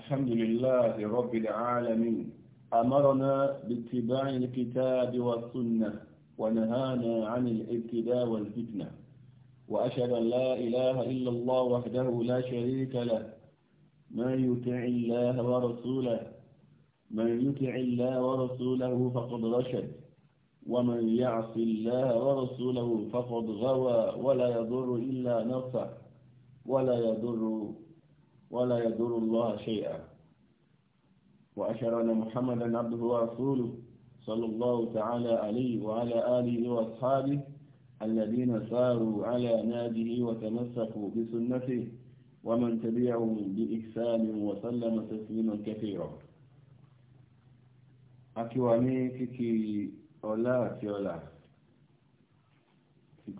الحمد لله رب العالمين أمرنا باتباع الكتاب والسنة ونهانا عن الابتداء والفتنة وأشهد أن لا إله إلا الله وحده لا شريك له من يطع الله ورسوله من يطع الله ورسوله فقد رشد ومن يعص الله ورسوله فقد غوى ولا يضر إلا نفسه ولا يضر ولا يدور الله شيئا وأشهد أن محمدا عبده ورسوله صلى الله تعالى عليه وعلى آله وأصحابه الذين ساروا على ناجه وتمسكوا بسنته ومن تبعهم بإحسان وسلم تسليما كثيرا أكواني كي أولا كي أولا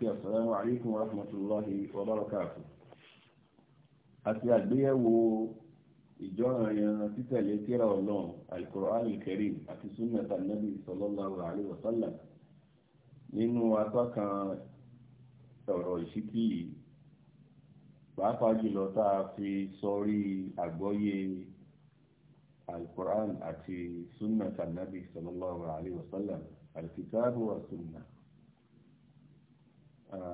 السلام عليكم ورحمة الله وبركاته àti àgbéyẹ̀wò ìjọ́ranyàn títẹ̀lé tírà ọlọ́run al-Qur'an al-Karim àti sunnata nabi sallallahu alayhi wa sallam nínú atọ́kan ọ̀rọ̀ ìṣítí yìí pàápàá jùlọ tá a fi sọrí àgbọ́yé al-Qur'an àti sunnata nabi sallallahu alayhi wa sallam al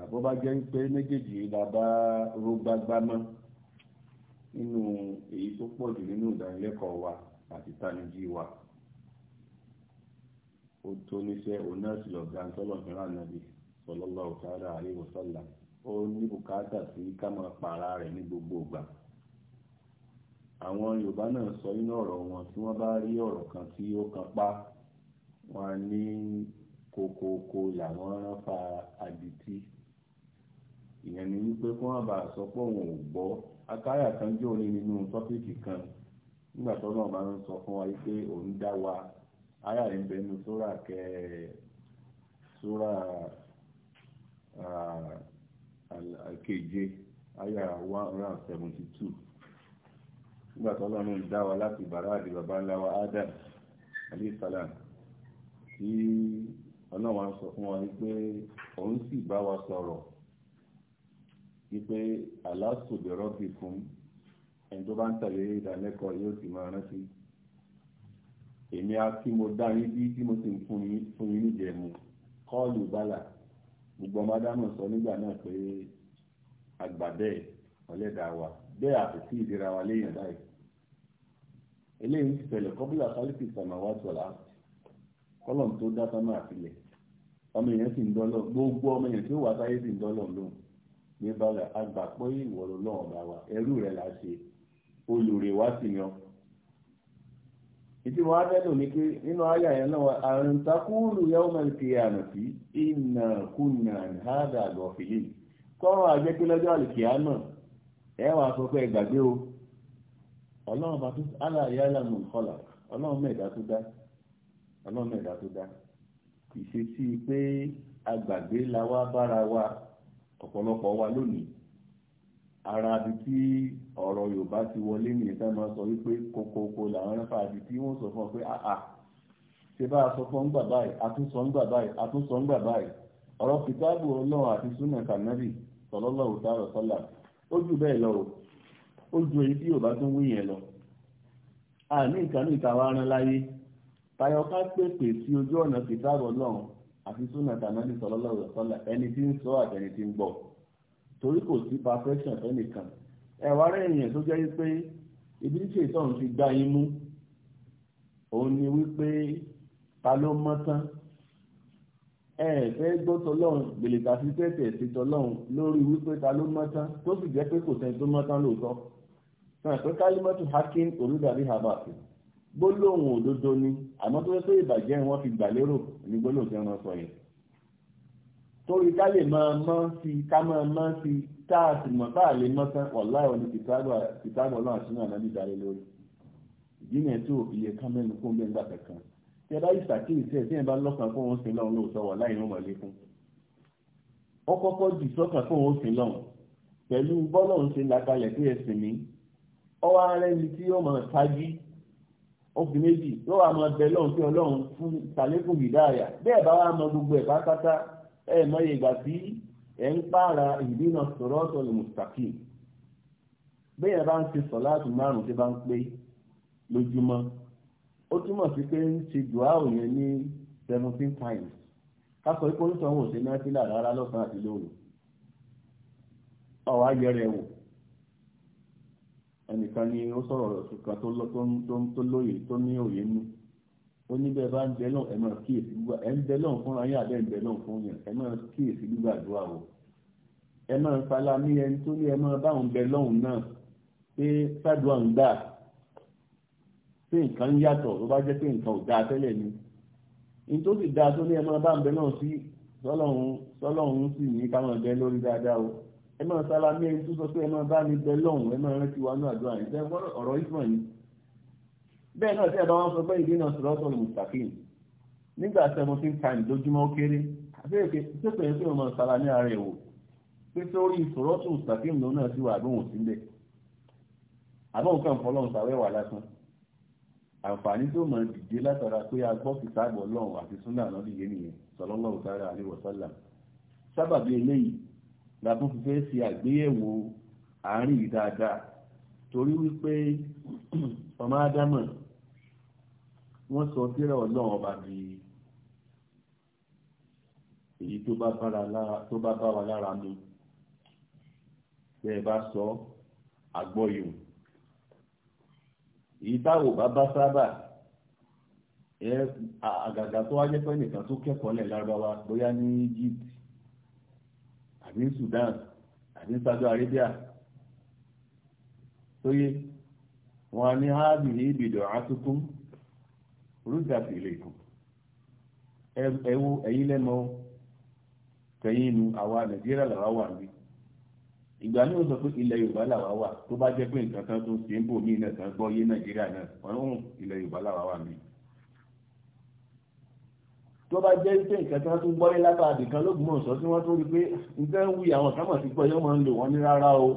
bó bá jẹ́ pé méjèèjì la bá rúgbágbá mọ́. nínú èyí tó pọ̀ jù nínú ìdánilẹ́kọ̀ọ́ wa àti tanijí wa ó tó níṣẹ́ òun náà sì nàbì sallallahu ta'ala alaihi ó ní bùkátà sí ká máa rẹ̀ ní gbogbo ìgbà àwọn yorùbá náà sọ inú ọ̀rọ̀ wọn tí wọ́n bá rí ọ̀rọ̀ kan tí ó kan pa wọn ní kokoko làwọn rán fa àdìtì ìyẹn ni wípé kí gbọ́ akáyà kan jẹ́ òní nínú tọ́pìkì kan nígbà tó náà máa ń sọ fún wa pé òun dá wa ayà rẹ̀ ń bẹ nínú kẹ keje ayà one hundred seventy two nígbà tó náà ń dá Adam tí sọ fún wa pé òun sì wa sọ̀rọ̀. ipe aláṣùbẹ̀rọ̀ fi fún ẹni tó bá ń tẹ̀lé ìdánilẹ́kọ̀ọ́ yóò sì si. rántí a á mo dá yín bí mo sì ń fún kọlu bala gbogbo ọmọ adámọ̀ n'igba na náà agba àgbà bẹ́ẹ̀ ọlẹ́dàá wa bẹ́ẹ̀ àtúntì ìdíra wa léèyàn báyìí eléyìí ti tẹ̀lẹ̀ kọ́bílà ọmọ èèyàn sì ń gbogbo gbé balẹ̀ agbàpọ̀ ìwọ̀rọ̀ náà bá wa ẹrú rẹ̀ la ṣe olùrè wá sí yan. ìdí wọn abẹ́dùn ni pé nínú àyà yẹn náà ya kọ́rọ̀ pé lọ́jọ́ ẹ sọ pé ẹgbàgbé o ọlọ́run bá tó aláàyè aláàmù kọlà ọlọ́run mẹ́ẹ̀dá tó dá ọlọ́run mẹ́ẹ̀dá tó dá ìṣesí pé la wá bára wa. ọ̀pọ̀lọpọ̀ wa lónìí ara àti tí ọ̀rọ̀ Yorùbá ti wọlé nìyẹn tá máa sọ wípé kokoko làwọn rẹ́fà àti tí wọ́n sọ fún ọ pé àà ṣe bá a sọ fún ń gbà báyìí àtúnsọ ń gbà báyìí àtúnsọ ń gbà báyìí ọ̀rọ̀ kìtáàbù ọlọ́run àti súnà kànábì sọlọ́lọ́rù tààrọ̀ sọ́là ó jù bẹ́ẹ̀ lọ ó ju èyí tí Yorùbá tún wí yẹn lọ àní ìkànnì ìtawárán láyé tayọ ká pèpè sí ojú ọ̀nà kìtáàbù ọlọ́run àti súnà tànàbí sallallahu alaihi wasallam ẹni tí ń sọ àtẹni tí ń gbọ́ torí kò sí perfection fẹ́nìkan ẹ̀wà rẹ̀ èèyàn tó jẹ́ wípé ibi tí ṣètọ́n ti gbá yín mú òun ni wípé ta ló mọ́ tán ẹ fẹ́ gbọ́ tọlọ́run gbèlèkà sí tẹ̀tẹ̀ sí tọlọ́run lórí wípé ta ló mọ́ tán tó sì jẹ́ pé kò sẹ́ni tó mọ́ tán lóòótọ́ sọ̀rọ̀ pé kálímọ́tò hakim olùdarí habasi gbólóhùn òdodo ni àmọ́ tó fẹ́ pé ìbàjẹ́ wọn fi gbà lérò ní gbólóhùn tí wọ́n sọ yẹn torí ká lè máa mọ́ sí ká máa mọ́ sí tá a sì mọ̀ tá a lè mọ́ tán ọ̀la ìwọ ni kìtàgbọ̀ ọlọ́run àti náà nábì darí lórí ìdí yẹn tó iye ká mẹ́nu kó mẹ́nu gbà kankan tí ẹ bá yìí ṣàkíyèsí ẹ tí ẹ bá lọ́kàn fún òun sí lọ́run lóòótọ́ wọ̀ láì rán wọlé fún ó kọ́kọ́ jù sọ́kàn fún òun sí lọ́run pẹ̀lú bọ́lọ́run ṣe làkalẹ̀ pé ẹ sì ní ọwọ́ ara ẹni tí ó mọ̀ ṣáájú obì méjì yóò wá máa bẹ lọ́run pé ọlọ́run fún tàlékùn ìdáyà bẹ́ẹ̀ bá wá mọ gbogbo ẹ̀ pátápátá ẹ̀ mọye ìgbà tí ẹ̀ ń pààrà ìdínà sọ̀rọ̀ ọ̀tọ̀ lè mùsàkì bẹ́ẹ̀ bá ń ṣe sọ láti márùn tí bá ń pé lójúmọ́ ó túmọ̀ sí pé ń ṣe dùá òyìn ní seventeen times kásọ ikú onítọ̀hún ò ṣe náà sílà rárá lọ́sàn-án àti lóru ọ̀wá yẹrẹ wò ẹnìkan ni ó sọ̀rọ̀ ṣùkà tó lóye tó ní òye nú ó ní bẹ́ẹ̀ bá ń bẹ lọ́n ẹ̀ máa kíyèsí gbígbà ẹ̀ ń bẹ lọ́n fún ayé àbẹ́ ń bẹ lọ́n fún yẹn ẹ̀ kíyèsí gbígbà àdúrà o ẹ máa fala ní ẹni tó ní ẹ máa bá òun bẹ lọ́hùn náà pé sádùá ń gbà pé nǹkan yàtọ̀ ló bá jẹ́ pé nǹkan ò dáa tẹ́lẹ̀ ni ní tó sì dáa tó ní ẹ máa bẹ náà sí sọ́lọ́hún sì ní ká bẹ lórí dáadáa o ẹ máa sálámí ẹni tó sọ pé ẹ máa bá mi bẹ lọ́hùn ẹ máa rántí wa ní àdúrà yìí ṣe gbọ́dọ̀ ọ̀rọ̀ ìfọ̀ yìí bẹ́ẹ̀ náà tí ẹ bá wọn sọ pé ìdí náà sọ̀rọ̀ sọ̀rọ̀ mùsàkín nígbà seventeen times lójúmọ́ ó kéré àbẹ́ẹ̀kẹ́ tó pẹ̀lú pé wọn máa sálámí ara ẹ̀ wò pé sórí ìṣòro tó mùsàkín lòun náà sí wà àbóhùn sílẹ̀ àbọ̀n kan fọlọ́run sàwẹ́wà àǹfààní tó mọ̀ dìde látara pé a gbọ́ kìtàbọ̀ àti súnà náà lè yé nìyẹn sọlọ́lọ́run sára àríwọ̀ sálà sábàbí eléyìí la tún fi fẹ́ ṣe àgbéyẹ̀wò àárín yìí dáadáa torí wípé ọmọ ádámọ̀ wọ́n sọ síra ọlọ́run ọba di èyí tó bá bá wa lára mu bẹ́ẹ̀ bá sọ àgbọ́yò èyí táwọn bá bá sábà àgàgà tó wájẹ́ pé nìkan tó kẹ́kọ̀ọ́ lẹ̀ lárúbáwá bóyá ní Egypt ní Sudan àti ní Saudi Arabia tóyé wọn ní hábì ní ibìdó àtúkún rúdàtì ìlẹ̀kùn ẹwọ ẹ̀yìn lẹ́mọ tẹ̀yìn inú àwa Nàìjíríà làwa wà ní ìgbà ní òsọ pé ilẹ̀ Yorùbá làwa wà tó bá jẹ́ pé nǹkan kan tó ń ṣe ń bò mí náà tán gbọ́ yé Nàìjíríà náà ọ̀run ilẹ̀ Yorùbá làwa wà mí tó bá jẹ́ pé nǹkan tí wọ́n tún gbọ́lé látàdì kan lóògùn ọ̀sọ́ tí wọ́n tún rí pé nǹkan ń wí àwọn kan mọ̀ sí pé yọ́n máa ń lò wọ́n ní rárá o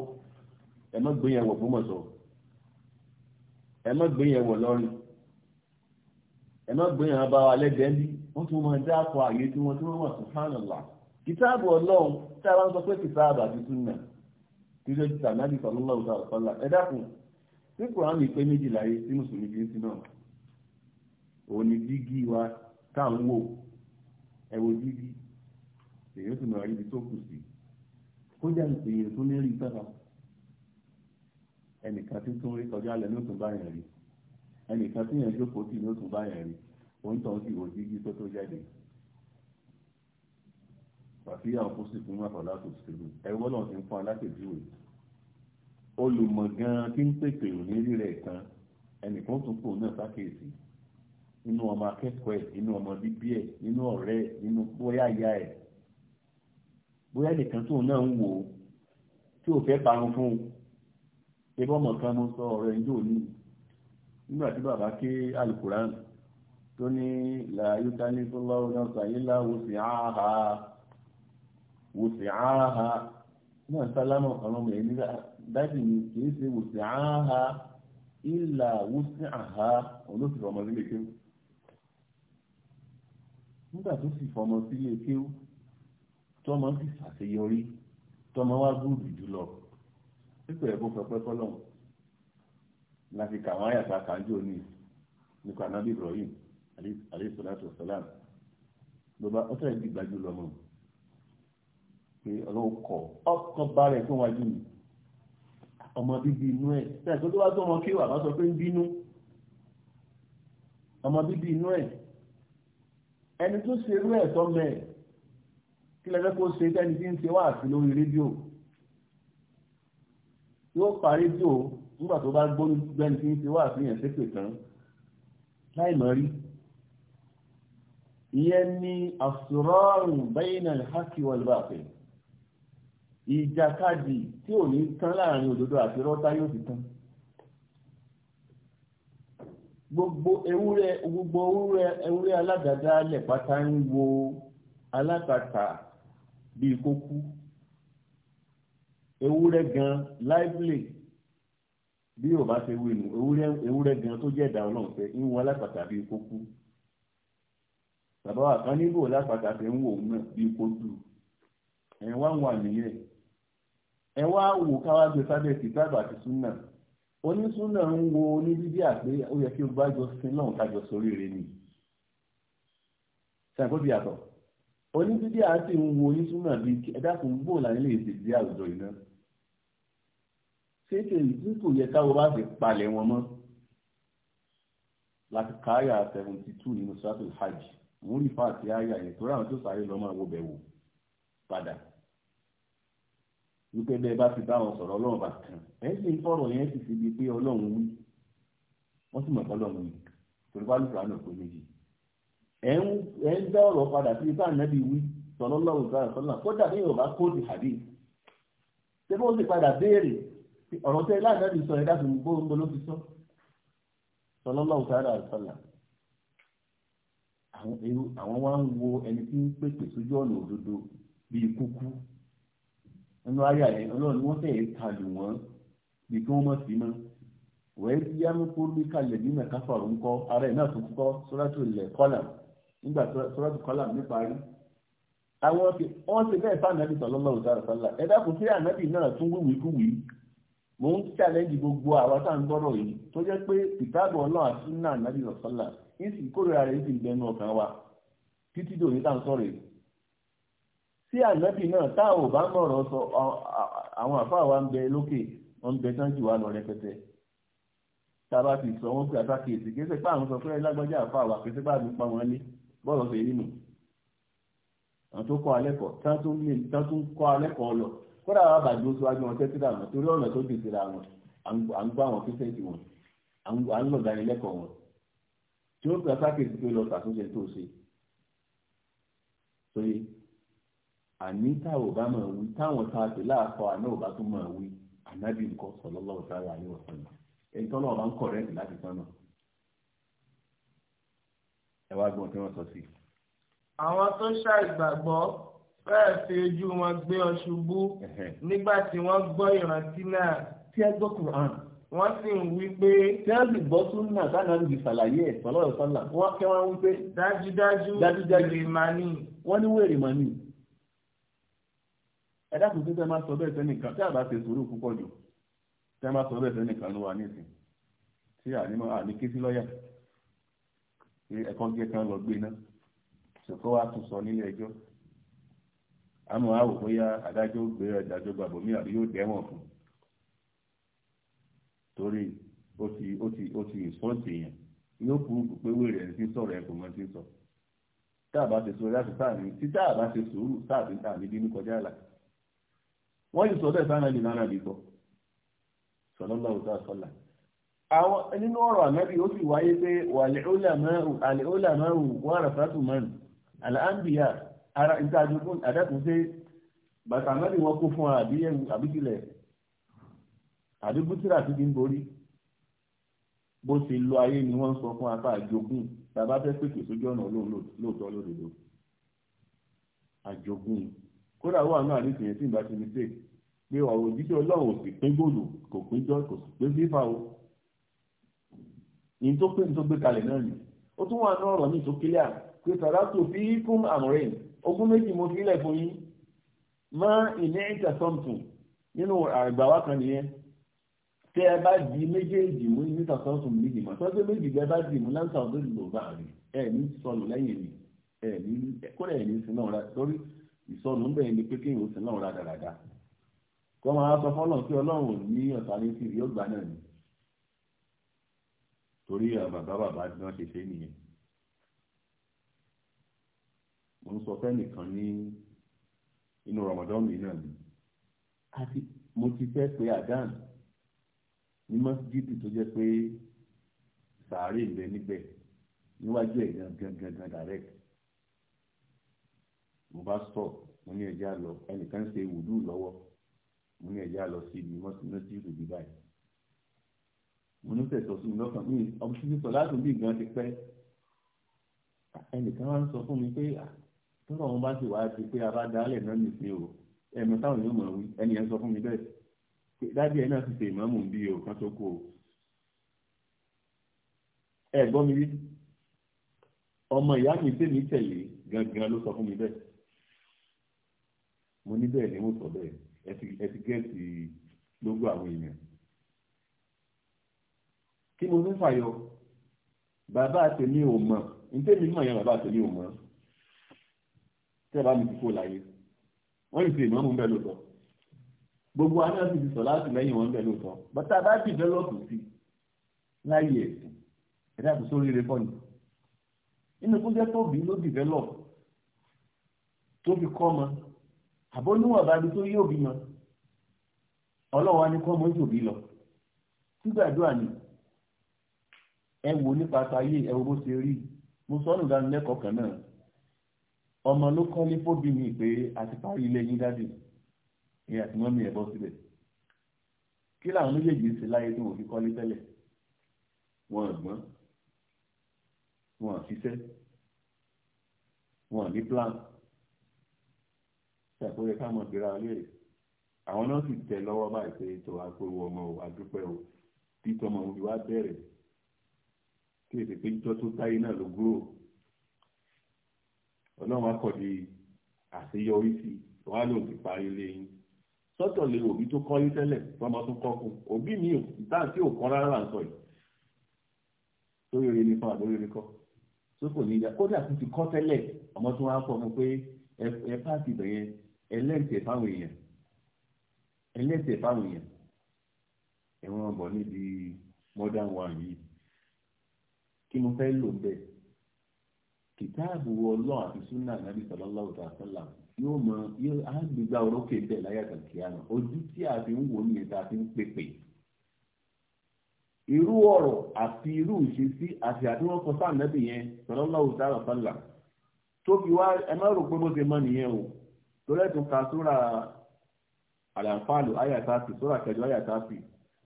ẹ má gbé yẹn wọ̀ fún mọ̀sọ́ ẹ má gbé yẹn wọ̀ lọ́rin ẹ má gbé yẹn bá wa lẹ́gbẹ̀ẹ́ bí wọ́n tún máa dá akọ àyè tí wọ́n tún wọ̀ subhanallah kìtáàbù ọlọ́run tí a bá ń sọ pé kìtáàbù àti súnà tí ó ti tàbí sallallahu ta'ala ọ̀pọ̀lá ẹ dákun tí kùránì pé tá à ń wò ẹ wo dídí èyí sì máa rí ibi tó kù sí kódà èyí tó ní rí sára ẹnìkan tí tún rí kọjá lẹ ní òtún báyẹn rí ẹnìkan tí yẹn jókòó tì ní òtún báyẹn rí òun tó ń sì wò dídí tó tó jáde fàfíà òkú sì fún àfọlá tó ti tẹ̀lé ẹwọ́ náà ti ń fún aláṣẹjúwe olùmọ̀ gan-an tí ń pèpè òní rí rẹ̀ kan ẹnìkan tún kò náà sákèésí nínú ọmọ akẹ́kọ̀ọ́ ẹ̀ nínú ọmọ bíbí ẹ̀ nínú ọ̀rẹ́ ẹ̀ nínú bóyá ìyá ẹ̀ bóyá nìkan tóun náà ń wò ó tí ò fẹ́ parun fún un ebí ọmọ kan mo sọ ọ̀rọ̀ ẹ̀jọ́ òní nígbà tí bàbá ké alukuran tó ní làyúta ní fúláwọ́ náà sàyílá wò sí áhà wò sí áhà náà sálámọ̀ ọlọ́mọ ẹ̀ nígbà dájú ni kì í ṣe wò áhà ìlà wò sí áhà olóṣèlú ọmọdé lè kéwòn nígbà tó sì fọmọ sílé kéwú tọmọ sì ṣàṣeyọrí tọmọ wá gúrù jùlọ pípẹ́ ẹ̀ kó fẹpẹ́ fọlọ́hún láti kà wọ́n àyàtà kàájò ní nípa anábì Ibrahim alayhi salatu wa salam ló bá ọ́sẹ̀ ẹ̀dí gbájú lọ́mọ pé ọlọ́run kọ ọkọ̀ bá rẹ̀ fún wájú mi ọmọ bíbí inú ẹ̀ tẹ̀ tó tó wá tó ọmọ kéwà bá sọ pé ń bínú ọmọ bíbí inú ẹ̀ ẹni tó ṣe irú ẹ̀tọ́ mẹ́ẹ̀ kí lẹ́fẹ́ kó ṣe tẹ́ni tí ń ṣe wá àti lórí rédíò yóò pa rédíò nígbà tó bá gbóni gbẹ́ni tí ń ṣe wá àfihàn ṣépè tán láì mọ̀ rí ìyẹn ni àsùrọ̀rùn bẹ́yìnà hákì wal bátil ìjàkadì tí ò ní tán láàrin òdodo àti rọ́tá yóò fi tán gbogbo ewúrẹ́ gbogbo ewúrẹ́ ewúrẹ́ aládàáda alẹ̀ pátá ń wo alátakà bíi kókú ewúrẹ́ gan láìpìlẹ bí yóò bá ṣe wí nù ewúrẹ́ ewúrẹ́ gan tó jẹ́ ẹ̀dá Ọlọ́run fẹ́ ń wo alátakà bíi kókú bàbá wa kan níbo alátakà fẹ́ ń wò ó náà bíi kókú ẹ wá wà nìyẹn ẹ wá wò káwá gbé sábẹ́ sí sábà àti súnà onísúnà ń wo oníbíbí àpé ó yẹ kí o bá jọ sin náà kájọ sórí rẹ nìyí ṣàkóbi àtọ oníbíbí àti ń wo onísúnà bíi ẹ̀dá kò ń bò láyé lè ṣe dé àwùjọ yìí náà ṣé kèyí tí kò yẹ káwọ bá fi palẹ̀ wọn mọ́ láti káyà seventy two nínú sátò hajj múrí fáàtì àyà yẹn tó ráwọn tó sáré lọ máa wo wò padà wípé bẹ́ẹ̀ bá fi bá wọn sọ̀rọ̀ ọlọ́run bá kàn ẹ́ sì ń fọ̀rọ̀ yẹn sì fi di pé ọlọ́run wí wọ́n sì mọ̀ pé ọlọ́run wí torí wá lùkùrá náà pé méjì ẹ̀ ń dá ọ̀rọ̀ padà sí ipá ànábì wí sọlọ́lọ́run sára sọ́nà kódà bí yorùbá kóòtù àbí ṣé bó sì padà béèrè ọ̀rọ̀ tẹ́ láàbẹ̀bí sọ ẹ̀dá fún gbogbo ló fi sọ sọlọ́lọ́run sára nínú ayé àyè ọlọ́run wọ́n fẹ́ẹ́ talù wọ́n bí kí wọ́n mọ̀ sí mọ́ wẹ́ẹ́ bí yámúkú bí kalẹ̀ bí mẹ́káfà ń kọ́ ara ẹ̀ náà tó kọ́ sọ́dọ̀tò ilẹ̀ kọ́là nígbà sọ́dọ̀tò kọ́là níparí àwọn wọ́n ti bẹ́ẹ̀ fáànàbì sallallahu alaihi wasallam ẹ dákun sí ànábì náà tún wíwì kúwì mò ń ṣàlẹ́jì gbogbo àwa tá à ń gbọ́rọ̀ yìí tó jẹ́ pé ìtàbọ̀ náà àti náà ànábì sallallahu alaihi wasallam ìsìnkórè rẹ̀ sí ànábì náà tá ò bá mọ̀rọ̀ sọ àwọn àfáà wa ń bẹ lókè wọn ń bẹ tán jù wá lọ rẹpẹtẹ tá a bá ti sọ wọn pé àtàkìyèsí kí ẹsẹ pé àwọn sọ pé lágbájá àfáà wa kí ẹsẹ pé àdúpá wọn lé bọ́ọ̀lù ṣe nínú àwọn tó kọ́ alẹ́kọ̀ọ́ tán a ń kọ́ alẹ́kọ̀ọ́ lọ kódà wà bàjẹ́ oṣù wájú wọn tẹ́tí dànù torí ọ̀nà tó dì síra wọn à ń gbọ́ àwọn kíṣẹ́ǹtì wọn à ń lọ dánilẹ́kọ̀ọ́ wọn tí ó pè àtàkìyèsí pé lọ ṣàtúnṣe tó ṣe àní tá ò bá máa wí táwọn tá a pè láàfọ àná ò bá tún máa wí ànábì nǹkan sallallahu ta'ala alaihi wa sallam ẹni tọ́lá ọba ń kọ̀rẹ́ẹ̀tì láti sánà ẹ wá gbọ́n tí wọ́n sọ sí. àwọn tó ṣàìgbàgbọ́ fẹ́ẹ̀ fi ojú wọn gbé ọ ṣubú nígbà tí wọ́n gbọ́ ìrántí náà. tí ẹ gbọ́ Qur'an wọ́n sì ń wí pé. tẹ́lifù gbọ́ súnà tánàlù yìí ṣàlàyé ẹ̀ sọ́lọ́ọ̀sọ́là wọ́n kẹ́ wọ́n wí pé. dájúdájú wèrè màní. wọ́n ní wèrè màní. ẹ̀dá kò ma sọ bẹ́ẹ̀ sẹ́nìkan tí àbá ṣe sùúrù púpọ̀ jù sẹ́ẹ̀ sọ bẹ́ẹ̀ sẹ́nìkan ló wà nísìn tí ànímọ́ àní ké sí lọ́ọ̀yà pé ẹ̀kọ́ gé kan lọ gbé náà ṣùkọ́ wa tún sọ nílé ẹjọ́ àmọ́ àwò bóyá adájọ́ gbé gbàgbọ́ àbí yóò dẹ́wọ̀n torí ó ti ó ti ó ti ìsọ́ọ̀tì yẹn yóò kúrú pé wèrè wọ́n yìí sọ bẹ́ẹ̀ sáà náà nìyára bí sọ sọlọ́lá òtá sọlá àwọn nínú ọ̀rọ̀ ànábì ó sì wáyé pé wà àlẹ́ọ́là márùn wọ́n àràfàtù márùn àlàáńbìyà ara ìtajùkún àdákùnṣe bàtà ànábì wọn kún fún àbíkílẹ̀ àdúgbùtìrà sí ti ń borí bó ṣe lo ayé ni wọ́n sọ fún apá àjogún tàbá fẹ́ pèsè sójú ọ̀nà lóòótọ́ lódodo àjogún kódà wà náà ní tìyẹn tí ìgbà ti mistake pé ọ̀rọ̀ òjíṣẹ́ ọlọ́run ò sì pín góòlù kò pín jọ kò sì pín fífa o ní tó pé ní tó gbé kalẹ̀ náà ni ó tún wà náà ọ̀rọ̀ ní ìtókílẹ̀ pé sàrátò fi fún àmọ́rẹ́ ogún méjì mo fi lẹ̀ fún yín mọ́ ìní ìjà sọ́ǹtù nínú àgbà wa kan nìyẹn tẹ ẹ bá di méjèèjì mú ní sàtọ́sù méjì mọ́ tọ́jú méjì bẹ́ẹ̀ bá di mú láǹtà ọdún ìlú bá rí ẹ ní sọnù lẹ́yìn mi ẹ ní kódà ẹ ní sinú ọ̀rá torí ìsọnù ń bẹ̀yẹn ni pé kéèyàn ó sin náà rádaràda kọ́ máa sọ fọ́lọ́run pé ọlọ́run ní ọ̀tá ní tìrì yóò gbà náà ni torí bàbá bàbá tí wọ́n ṣe ṣe nìyẹn mo ń sọ fẹ́nìkan ní inú ramadan mi náà ni àti mo ti fẹ́ pé adan ní mọ́sídìtì tó jẹ́ pé sàárè ń bẹ níbẹ̀ níwájú ẹ̀ gangan gangan direct mo bá stop mo ní ẹja lọ ẹnìkan ṣe wùdú lọ́wọ́ mo ní ẹja lọ sí ibi mọ́tìmọ́tì ìdòdì báyìí mo ní tẹ̀sọ̀ sí mi lọ́kàn mi ọ̀bùsùn sọ láti bí gan ti pẹ́ ẹnìkan wá ń sọ fún mi pé tọ́lọ̀ wọn bá sì wá ti pé abádálẹ̀ náà nìsín o ẹ̀mọ táwọn yóò mọ̀ wí ẹnì yẹn sọ fún mi bẹ́ẹ̀ pé dájú ẹ náà ti ṣe ìmọ̀ọ́mù bí o kan tó kú o ẹ gbọ́ mi rí ọmọ ìyá mi tèmi tẹ̀lé gangan ló sọ fún mi bẹ́ẹ̀ mo ní bẹ́ẹ̀ ni mo sọ bẹ́ẹ̀ ẹ ti gẹ́ẹ̀sì lógún àwọn èèyàn kí mo fẹ́ fàyọ bàbá àtẹ̀mí ò mọ̀ ntẹ́mi mọ̀ yẹn bàbá àtẹ̀mí ò mọ̀ a bá mi ti kó láyé wọ́n yìí ti ìmọ̀ mú bẹ́ẹ̀ lóòótọ́ gbogbo aná sì ti sọ láti lẹ́yìn wọn bẹ́ẹ̀ lóòótọ́ bàtà bá ti dẹ́lọ́pù sí láyé ẹ̀sìn ẹ̀dá kò sórí rẹ̀ fọ́nì inú kó jẹ́ tóbi ló dìvẹ́lọ̀pù tó fi kọ́ ọmọ àbó níwọ̀n bá bí tó yóò bí yan ọlọ́wọ́ ni kọ́ mọ́tò bí lọ sígbàdúrà ni ẹ wò nípa ayé ẹ wo bó ṣe rí mo sọ ọ́nà ìdánilẹ́kọ̀ọ́ kan náà ọmọ ló kọ́ ní fóbi mi pé a ti parí ilé yín dádì ẹ àti mọ́mí ẹ̀ bọ́ síbẹ̀ kí làwọn méjèèjì ń ṣe láyé tó wò fi kọ́lé tẹ́lẹ̀ wọn àgbọ́n wọn àfiṣẹ́ wọn ní plan ṣàkóso yẹ ká mọ̀ síra léèrè àwọn náà sì tẹ lọ́wọ́ báyìí pé tó wá pé wọ ọmọ wa o títọ́ ọmọ òbí wa bẹ̀rẹ̀ kí èsì pé jíjọ́ tó táyé náà ló gbúrò ọlọ́run akọ̀dé àṣeyọrí sí wàá lòun ti parí lẹ́yìn sọ́tọ̀ lè òbí tó kọ́lé tẹ́lẹ̀ tọ́mọ tó kọ́kù òbí mi ò dáa tí ò kọ́ rárá ń sọ yìí lórí orin ní fún àbórí orin kọ́ tó kò ní ìjà kódà tó ti kọ́ tẹ́lẹ̀ ọmọ tó wá ń mu pé ẹ pààkì bẹ̀yẹn ẹlẹ́sẹ̀ fáwọn èèyàn ẹlẹ́sẹ̀ fáwọn èèyàn ẹ̀wọ̀n bọ̀ níbi modern one yìí kí mo fẹ́ lò bẹ́ẹ̀ kìtáàbù ọlọ́run àti súnà nàbì sallallahu ta'ala sallam yóò mọ yóò á gbégbá orókè bẹ́ẹ̀ láyé àtàkìyà náà ojú tí a fi ń wò ní ìta fi ń pèpè irú ọ̀rọ̀ àti irú ìṣesí àti àdúrókọ sáà nàbì yẹn sallallahu ta'ala sallam tóbi wá ẹ má rò pé bó ṣe mọ nìyẹn o torí ẹ̀tún ka sóra àlàǹfààlù ayàtàfì sóra kẹjọ ayàtàfì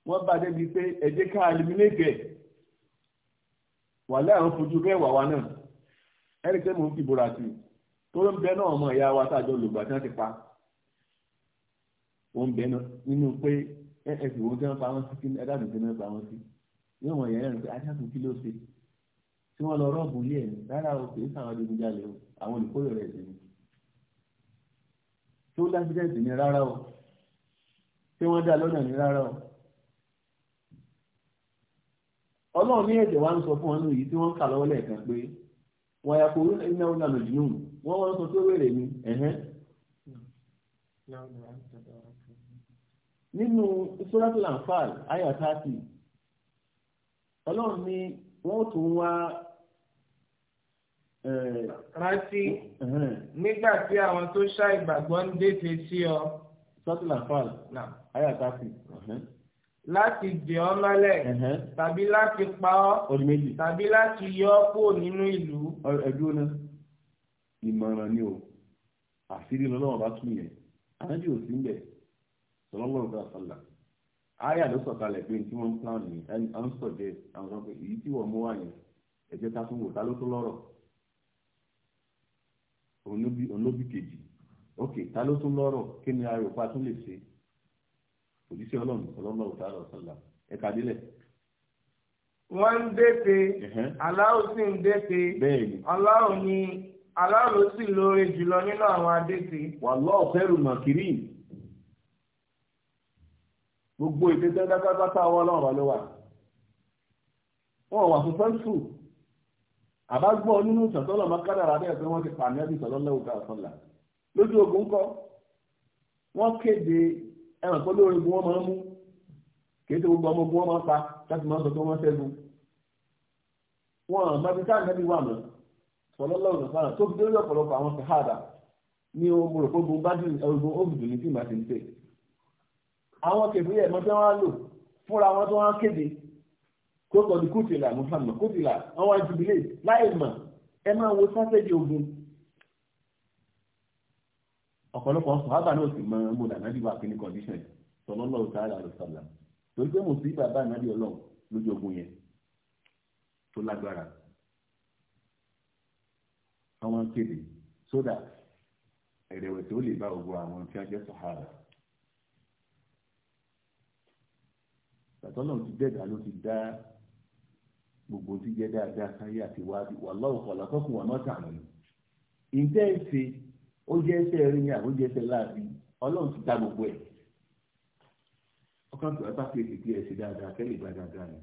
wọ́n bá débi pé ẹ̀jẹ̀ ká aliminate wà láàrín fojú mẹ́wàá wa náà ẹ̀rí pé mò ń fìbúra sí i tó ń bẹ náà ọmọ ìyá wa sáàjọ lògbà tí wọ́n ti pa ó ń bẹ nínú pé ẹ sì wọ́n tí wọ́n pa wọ́n sí kí ẹ̀dàgùn tí wọ́n pa wọ́n sí ní ọmọ ìyá rẹ̀ pé adágún kí ló ṣe tí wọ́n lọ rọ́ọ̀bù ilé ẹ̀ rárá o kì í sàwọn adigunjalè o àwọn olùkórè rẹ̀ sì ni tó lásìkẹ́ǹtì ni rárá o tí wọ́n dá lọ́nà ní rárá o ọlọ́run ní èdè wa ń sọ fún ọ yìí tí wọ́n ń kà lọ́wọ́ lẹ́ẹ̀kan pé wọ́n yà kó iná ọ̀nà lòdìyún wọ́n wọ́n sọ tó wèrè ni ẹ̀hẹ́n. nínú suratul anfal ọlọ́run ní wọ́n tún wá rántí nígbà tí àwọn tó ṣá ìgbàgbọ́ ń dètè sí ọ. sọ́tìlà fáàlì ayé àtàkùn láti dè ọ́ mọ́lẹ̀ tàbí láti pa ọ́ tàbí láti yọ ọ́ nínú ìlú. ni o àṣírí lọ́lọ́wọ́ bá tún yẹn ò sí ń bẹ̀ bá sọ̀kalẹ̀ pé tí wọ́n ń à ń àwọn pé èyí tí ònlóbì kejì ok ta ló tún lọ́rọ̀ kí ni ayò pa tún lè ṣe òjíṣẹ́ ọlọ́run ọlọ́run ọ̀tá ọ̀sọ́là ẹ̀ka délẹ̀. wọ́n ń dẹ́pe aláwọ̀ sì ń dẹ́pe ọlọ́run ni jùlọ nínú àwọn adẹ́pe. fẹ́rù gbogbo wà. wọ́n wà àbágbọ́ nínú ìtọ̀sọ́lọ̀ mọ́kádàrà bẹ́ẹ̀ pé wọ́n ti pàmì ẹbí sọ̀lọ́lẹ̀ òkà sọ̀là lójú ogun kọ́ wọ́n kéde ẹ̀rọ pé lórí ogun wọn máa ń mú kéde gbogbo ọmọ ogun wọn máa ń pa láti máa ń sọ pé wọ́n ṣẹ́gun wọn àmọ́ ibi táwọn ẹbí wà mọ́ sọ̀lọ́lẹ̀ òkà sọ̀là tó fi dórí ọ̀pọ̀lọpọ̀ àwọn sàhádà ní ogun rò pé ogun bá dùn ogun ògùdù ní tí màá ti ń tẹ̀ àwọn kèfé ẹ̀ mọ́ tí wọ́n á lò fúnra wọn tí tó kọ́ ní kùtìlà Muhammad kùtìlà wọn wá jubilé láì mọ̀ ẹ máa wo sátẹ́jì ogun ọ̀pọ̀lọpọ̀ sọ̀hábà náà sì mọ mo dà nábì wà kí ní condition sallallahu ta'ala alaihi wasallam torí pé mo sì bàbá nábì ọlọ́run lójú ogun yẹn tó lágbára àwọn kéde sódà ẹ̀rẹ̀wẹ̀sì ó lè bá ogun àwọn tí wọ́n jẹ́ sọ̀hábà. tàtọ́nà ti dẹ́gbà ló ti dá gbogbo ti jẹ́ dáadáa sáyé àti wájú wa ma ta'malun ǹjẹ́ ìṣe ó jẹ́ ẹsẹ̀ rí ni àbójẹ́ ẹsẹ̀ láàbí ọlọ́run ti dá gbogbo ẹ̀ ọkàn tó bá fi èsì ẹ ṣe dáadáa kẹ́lẹ̀ bá dáadáa ni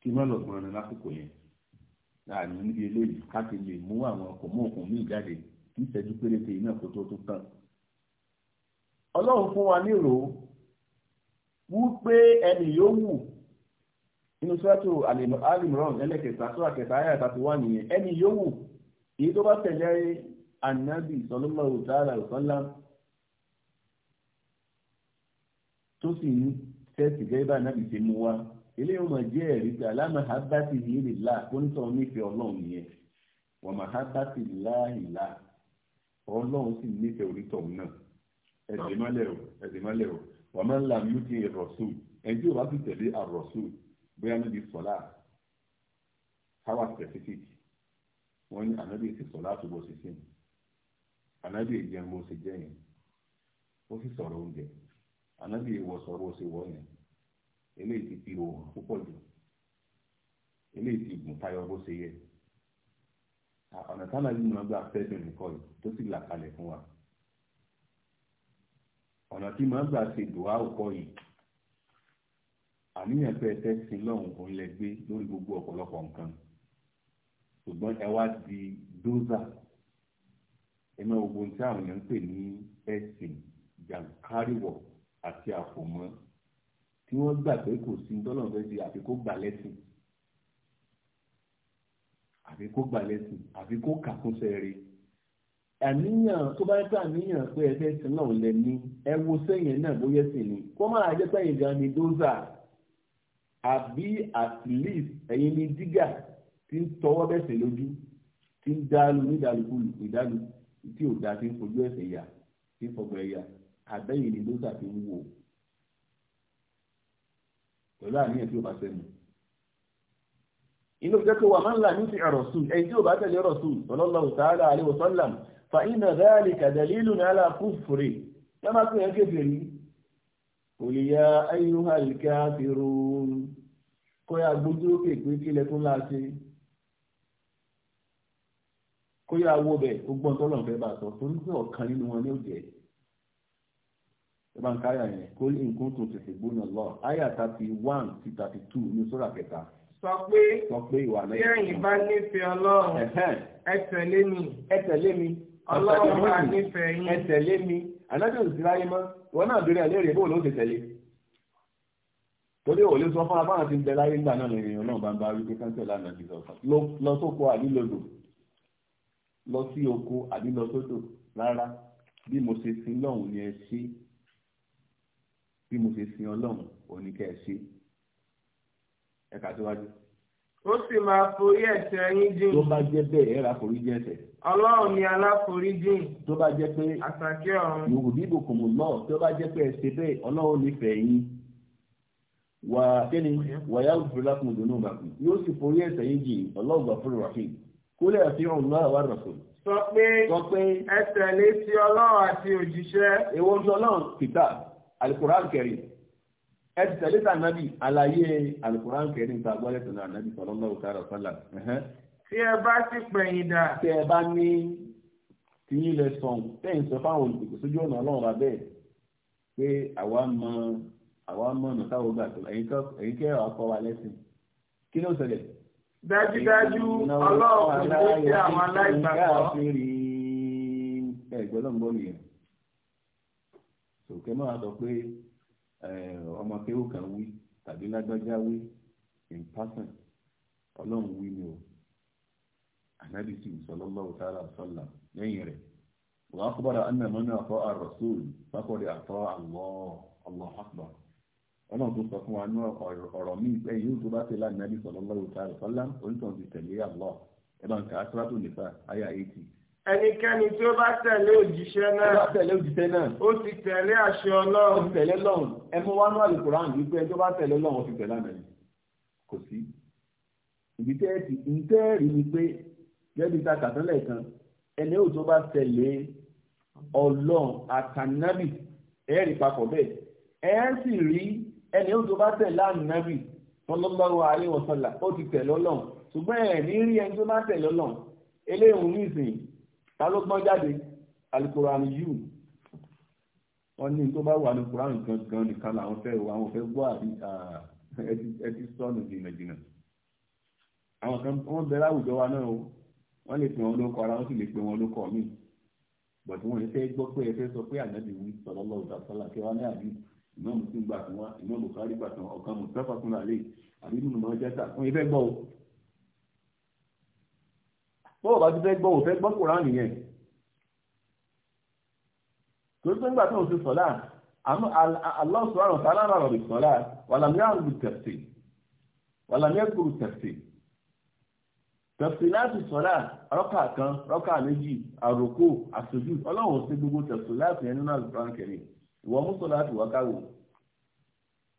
kí má lọ gbọ́nrán lásìkò yẹn láàrin níbi eléyìí ká lè mú àwọn ọkọ̀ mú òkun fún wa ẹnì yóò wù inú sọ́tò alimran ẹlẹ́kẹta sọ́ra kẹta ayé àtàtì wà nìyẹn ẹni yòówù èyí tó bá tẹ̀lé anabi sallallahu ta'ala wa sallam tó sì ń tẹ́sì gẹ́gẹ́ bá anabi ṣe mú wa eléyìí wọn jẹ́ ẹ̀rí pé alamahabati yìí lè la kó nítorí nífẹ̀ẹ́ ọlọ́run yẹn wa mahabati láàyè ọlọ́run sì nífẹ̀ẹ́ orítọ̀ náà ẹ̀dìmọ́lẹ̀ o wọ́n máa ń la bóyá níbi sọ̀lá káwà specific wọ́n ní ànábì ti sọ̀lá tó bó ṣe sí ni ànábì ìjẹun bó ṣe jẹ́ yẹn ó sì sọ̀rọ̀ oúnjẹ ànábì ìwọ sọ̀rọ̀ bó ṣe wọ̀ yẹn eléyìí ti fi òhàn púpọ̀ jù eléyìí ti gùn tayọ bó ṣe yẹ ọ̀nà táwọn ìlú náà gbà fẹ́ dùn nìkọ́ yìí tó sì là kalẹ̀ fún wa ọ̀nà tí màá gbà ṣe dùn á yìí àníyàn pé ẹtẹ́ sí lọ́hùn òun lẹ gbé lórí gbogbo ọ̀pọ̀lọpọ̀ nǹkan ṣùgbọ́n ẹ wá di dózà ẹ máa wo ohun tí àwọn èèyàn ń pè ní ẹ̀sìn jàǹkáríwọ̀ àti àfòmọ́ tí wọ́n gbà pé kò sí dọ́lọ́n fẹ́ di àfi kó gbà lẹ́sìn àfi kó gbà lẹ́sìn àfi kó kàkúnṣe rí àníyàn tó bá tà níyàn pé ẹ̀fẹ́ sí náà lẹ ẹ wo sẹ́yìn náà bóyá sí ni kó má jẹ́ sẹ́yìn gan ni dózà àbí at least ẹ̀yin ní dígà tí ń tọwọ́ bẹ̀sẹ̀ lójú tí ń dálu nídàlùkù ìdálu tí ò dá tí ń fojú ẹ̀sẹ̀ yà tí ń fọgbọ̀ ẹ̀yà àbẹ́yìn ni lóṣà fi ń wò ó pẹ̀lú àníyàn tí ó bá sẹ́nu. inú jẹ́ pé wà máa ń là ní ti ẹ̀rọ sùn ẹ̀yìn tí ò bá tẹ̀lé ọ̀rọ̀ sùn sallallahu ta'ala alaihi wa sallam fa inna dhalika dalilun ala قل يا أيها الكافرون kó yà gbójú òkè pé kí ilẹ̀ tó ń láà ṣe kó wo bẹ̀ gbọ́n tó fẹ́ bá sọ torí ọ̀kan nínú wọn ni ó jẹ́ bá ń káyà yẹn kó nǹkan tó tètè gbóná lọ àyà one sí two ní kẹta. sọ pé sọ pé ìwà mi. ẹ mi. ọlọ́run bá nífẹ̀ẹ́ yín. ẹ tẹ̀lé mi. wọn náà bèrè àlérè bóòlù ó ti tẹ̀lé torí òòlù sọ fún abáhàn ti ń bẹ láyé ńgbà náà lèrè náà bá ń bá wípé kánsẹ̀lá náà ti sọ̀tàn lọ sóko àdílodò lọ sí oko àdílosódò rárá bí mo ṣe sin lọ́hùn ni ẹ ṣe bí mo ṣe sin ọlọ́hùn òní kẹ́ ẹ ṣe ẹ kà síwájú ó sì máa forí ẹ̀ṣẹ̀ yín jìn. tó bá jẹ́ bẹ́ẹ̀ ẹ ra foríjì ẹ̀ṣẹ̀. ọlọ́run ni aláforíjìn. tó bá jẹ́ pé àsàkẹ́ ọ̀run. yorùbá ìbò kò mọ̀ náà tó bá jẹ́ pé ẹ ṣe bẹ́ẹ̀ ọlọ́run nífẹ̀ẹ́ yín. wà á kéde wà á yàgò lákùn òdòdó náà bàkú yóò sì forí ẹ̀ṣẹ̀ yín jìn ọlọ́run gbà fún rahim kólé àti ọ̀run náà wà rọ̀sùn. sọ pé sọ náà kìtà alukur'an ẹ ti tẹ̀lé tà nábì àlàyé alukuran kẹrin ta gbọ́dọ̀ tẹ̀lé ànábì sallallahu ta'ala sallam. tí ẹ bá sì pẹ̀yìn dà. tí ẹ bá ní tìyín lẹ sọ̀n tẹ̀yìn sọ fáwọn olùdìbò sójú ọ̀nà ọlọ́run rà bẹ́ẹ̀ pé àwa mọ àwa mọ ọ̀nà táwọn gbà tó ẹ̀yin kẹ́ ọ̀ akọ wa lẹ́sìn kí ló ṣẹlẹ̀. dájúdájú ọlọ́run kò ní kí àwọn aláìgbàgbọ́. ẹ Eh, ọmọ kéwù kan wí tàbí lágbájá wí in person ọlọ́run wí ni o ànábì sì sallallahu ta'ala sallam lẹ́yìn rẹ̀ wà á kọ́bọ̀dà anna man ata'a ar-rasul faqad ata'a Allah Allahu akbar ọlọ́run tó sọ fún wa ní ọ̀rọ̀ míì pé yóò tó bá tẹ̀lé ànábì sallallahu ta'ala sallam onítàn ti tẹ̀lé Allah ẹ̀ bá ń kà á tó nípa àyà 80 ẹnikẹ́ni tí ó bá tẹ̀lé òjíṣẹ́ náà. ó bá tẹ̀lé òjíṣẹ́ náà. ó ti tẹ̀lé àṣẹ ọlọ́run. ó ti tẹ̀lé lọ́run ẹ mú wánú àlùkùránì wípé ẹjọ́ bá tẹ̀lé lọ́run ó ti tẹ̀lé àmẹ́lì kò sí. ìdí tẹ́ẹ̀tì ìtẹ́ẹ̀rì ni pé gẹ́gẹ́ ta kàtọ́lẹ̀ kan ẹni ó tó bá tẹ̀lé ọlọ́run àtànábì ẹ̀ẹ́rì papọ̀ bẹ́ẹ̀ ẹ̀ ń sì rí ẹni ó tó bá tẹ̀lé ànábì sallallahu alaihi wasallam ó ti tẹ̀lé ọlọ́run ṣùgbọ́n ta ló pọ́n jáde alukoran yìí wọ́n ní tó bá wà ní koran gangan nìkan làwọn fẹ́ wọ àwọn fẹ́ gbọ́ àbí ẹtí sọnù jìnnàjìnnà àwọn kan wọ́n bẹ̀rẹ̀ àwùjọ wa náà o wọ́n lè pè wọn lóko ara wọ́n sì lè pè wọn lóko míì bọ̀dé wọn fẹ́ gbọ́ pé ẹ fẹ́ sọ pé ànábì wí sọ̀rọ̀ lọ́wọ́ sàfàlà kí wọ́n ní àbí ìmọ̀ mùsùlùmí gbà tán wá ìmọ̀ bùkárí gbà tán ọ̀kan mùsùlùmí fàkúnlá lè àbí nínú mọ́ jẹ́ta fún ibẹ̀ gbọ́ o tó o bá ti fẹ́ gbọ́ ò fẹ́ gbọ́ kòrán nìyẹn torí pé nígbà tó ń ṣe sọ́lá Allah subhanahu wa ta'ala rọrọ̀ bí sọ́lá wàlàmí àrùn tẹ̀sí wàlàmí ẹ̀kúrú tẹ̀sí tẹ̀síláàtì sọ́lá rọ́kà kan rọ́kà méjì àròkó àṣojú ọlọ́run sí gbogbo tẹ̀síláàtì ẹni náà lùkọ́rán kẹrin ìwọ mú sọ́lá ti wákàwò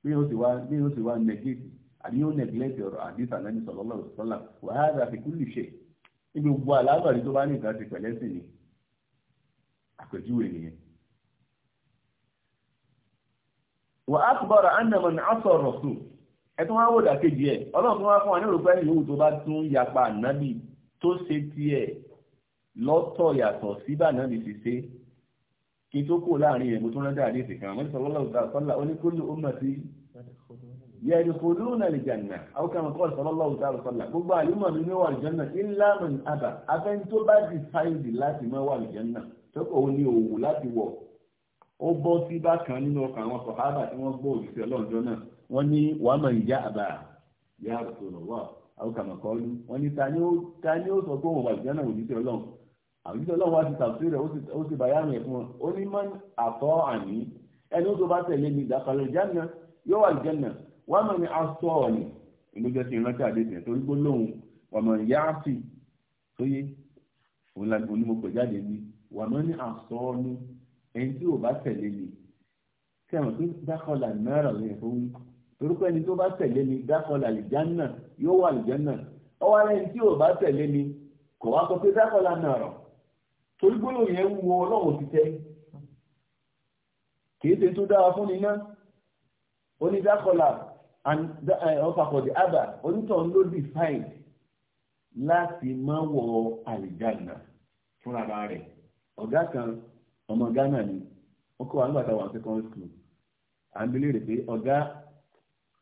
bí yóò ti wá nẹgẹ́tì àbí yóò nẹgẹ́tì ọ̀rọ̀ àdìsàn lẹ́ni sọ̀rọ̀ lọ́rọ̀ sọ́lá wàhálà fi kúlù ṣe ní gbogbo àlámọ̀rí tó bá ní nǹkan ti pẹ̀lẹ́ sí ni àpèjúwe nìyẹn. wà á kúbọ̀rọ̀ anamọ̀ ní asọ̀ rọ̀sùn ẹ tó wá wò dàkejì ẹ̀ ọlọ́run tó wá fún wa ní òrùka ẹ̀yìn òwú tó bá tún yapa ànábì tó ṣe tiẹ̀ lọ́tọ̀ yàtọ̀ síbà náà lè ṣe ṣe kí tó kó láàrin ẹ̀ mo tún rántí àdéhùn kan mo ní sọ lọ́lọ́ يدخلون الجنة أو كما قال صلى الله عليه وسلم gbogbo àlúmọ̀ mi ní wà ìjọ́nà illa man àbà afẹ́ni tó bá dìsáìdì láti máa wà ìjọ́nà tó kò ní òwò láti wọ̀ ó bọ́ sí bákan nínú ọkàn àwọn sọ̀hábà tí wọ́n gbọ́ òjìṣẹ́ lọ́jọ́ náà wọ́n ní wàá mọ̀ ìjà àbà yà Rasulullah أو كما قال wọ́n ní ta ni ó sọ pé òun wà ìjọ́nà òjìṣẹ́ ọlọ́run àwùjọ ọlọ́run wá ti tàbísírẹ̀ ó ti bàyàmì ẹ̀ fún wọn wọ́n mọ̀ ní asọ́ọ̀lì ìlú jẹ́ ti rántí àdéhùn torí gbólóhùn wọ́n mọ̀ yáàfì tó yé òun la gbóni mo pè jáde ní wọ́n mọ̀ ní asọ́ọ̀lì ẹni tí ò bá tẹ̀lé ni kẹwọn tó dákọ̀lá náírà lóye tó wí torúkọ ẹni tó bá tẹ̀lé ni dákọ̀lá àlìjánà yóò wà àlìjánà ọwọ́ ẹni tí ò bá tẹ̀lé ni kò wá sọ pé dákọ̀lá náírà torí gbólóhùn yẹn wọ ọlọ́run and offer for the other eh, onítọ̀hún no decide láti má wọ àlìjáná fúnra kan ọmọ Ghana ni ó kọ́ wa nígbà tá a wà ní school à ń bilé pé ọ̀gá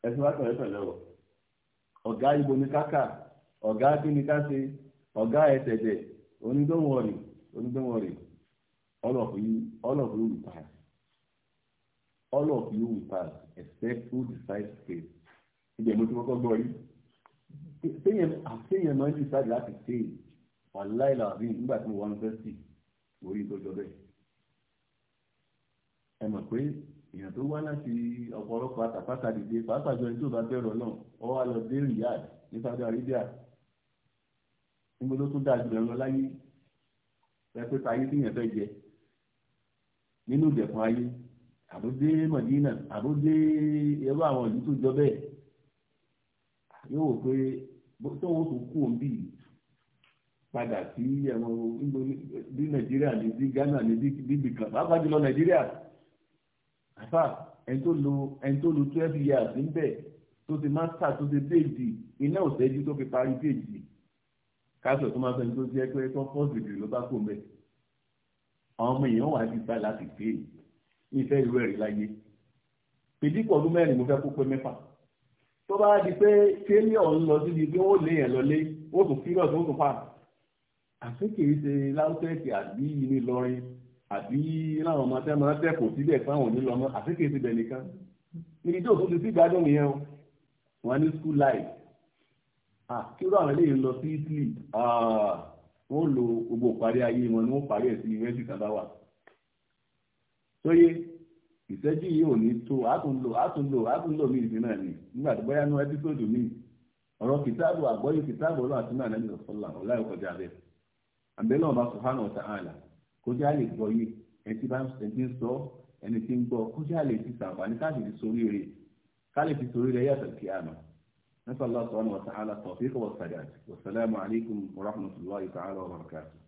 ẹ̀sìn wá pẹ̀lẹ́ ibo ni káka kí all of you all of you pass all of except who side space. ibẹ̀ mo ti kọ́kọ́ gbọ́ yìí téèyàn máa ń decide láti stay wàláì làbí nígbà tí mo wà yunifásitì orí tó jọ bẹ́ẹ̀ ẹ mọ̀ pé èèyàn tó wá láti ọ̀pọ̀lọpọ̀ àtàpátá dìde pàápàá jọ ẹni tó bá bẹ̀rọ̀ náà ọ wá lọ dé Riyadh ní Saudi Arabia níbo ló tún dáa jùlọ lọ láyé pẹ́pẹ́ táyé tíyàn fẹ́ jẹ nínú ìdẹ̀kùn ayé àbójé Mọ̀dínà àbójé ẹrú àwọn ìlú tó jọ bẹ́ẹ̀ yóò wò pé tóun tó kú òun bì padà sí ẹ̀wọ̀n bí nàìjíríà ní bí ghana ní bíbí kan pàápàá jùlọ nàìjíríà àfà ẹni tó lo ẹni tó lo twelve years níbẹ̀ tó ti master tó ti déèdì iná òsèjì tó fi parí déèdì káṣọ tó máa sọ ní tó jẹ́ pé tó first degree ló bá kó mẹ́ àwọn ọmọ èèyàn wà nípa láti pè é ìfẹ́ ìwé ẹ̀rí láyé pèdípọ̀ ọdún mẹ́rin mo fẹ́ kó pé mẹ́fà tó bá di pé kéèyàn ń lọ síbi pé ó lé yẹn lọlé ó tún kí lọ́sùn ó tún pa àti kìí ṣe láwùtẹ́ẹ̀kì àbí ní lọrin àbí láwọn ọmọ tẹ́ máa tẹ́kọ̀ọ́ síbẹ̀ fáwọn onílọ́mọ àti kìí ṣe bẹ̀ẹ̀ nìkan níbi tí òtún ti sí ìgbádùn nìyẹn o wọn ní school life àkírò ah, àwọn eléyìí lọ sí Italy ah, wọn lo gbogbo ìparí ayé wọn ni wọn parí ẹ̀ sí yunifásitì kan bá wà. sóyè ìṣẹ́jú yìí ò ní tó àtúnlò àtúnlò àtúnlò mi ìdí náà ni nígbà tó bóyá ní ẹ́písòdù mi ọ̀rọ̀ kìtáàbù àgbọ́yé kìtáàbù ọlọ́run àti náà lẹ́nu ìsọ̀lá ọ̀la ìkọjá bẹ́ẹ̀ àbẹ́lẹ́ ọba sọ̀hánà ọ̀tá àlà kójá lè gbọ́yé ẹni tí ń sọ ẹni tí ń gbọ́ kójá lè ti sàǹfààní káàdì ti sórí rẹ̀ káàdì ti sórí rẹ̀ yàtọ̀ kí àná نسأل الله سبحانه وتعالى التوفيق والسداد والسلام عليكم ورحمة الله وبركاته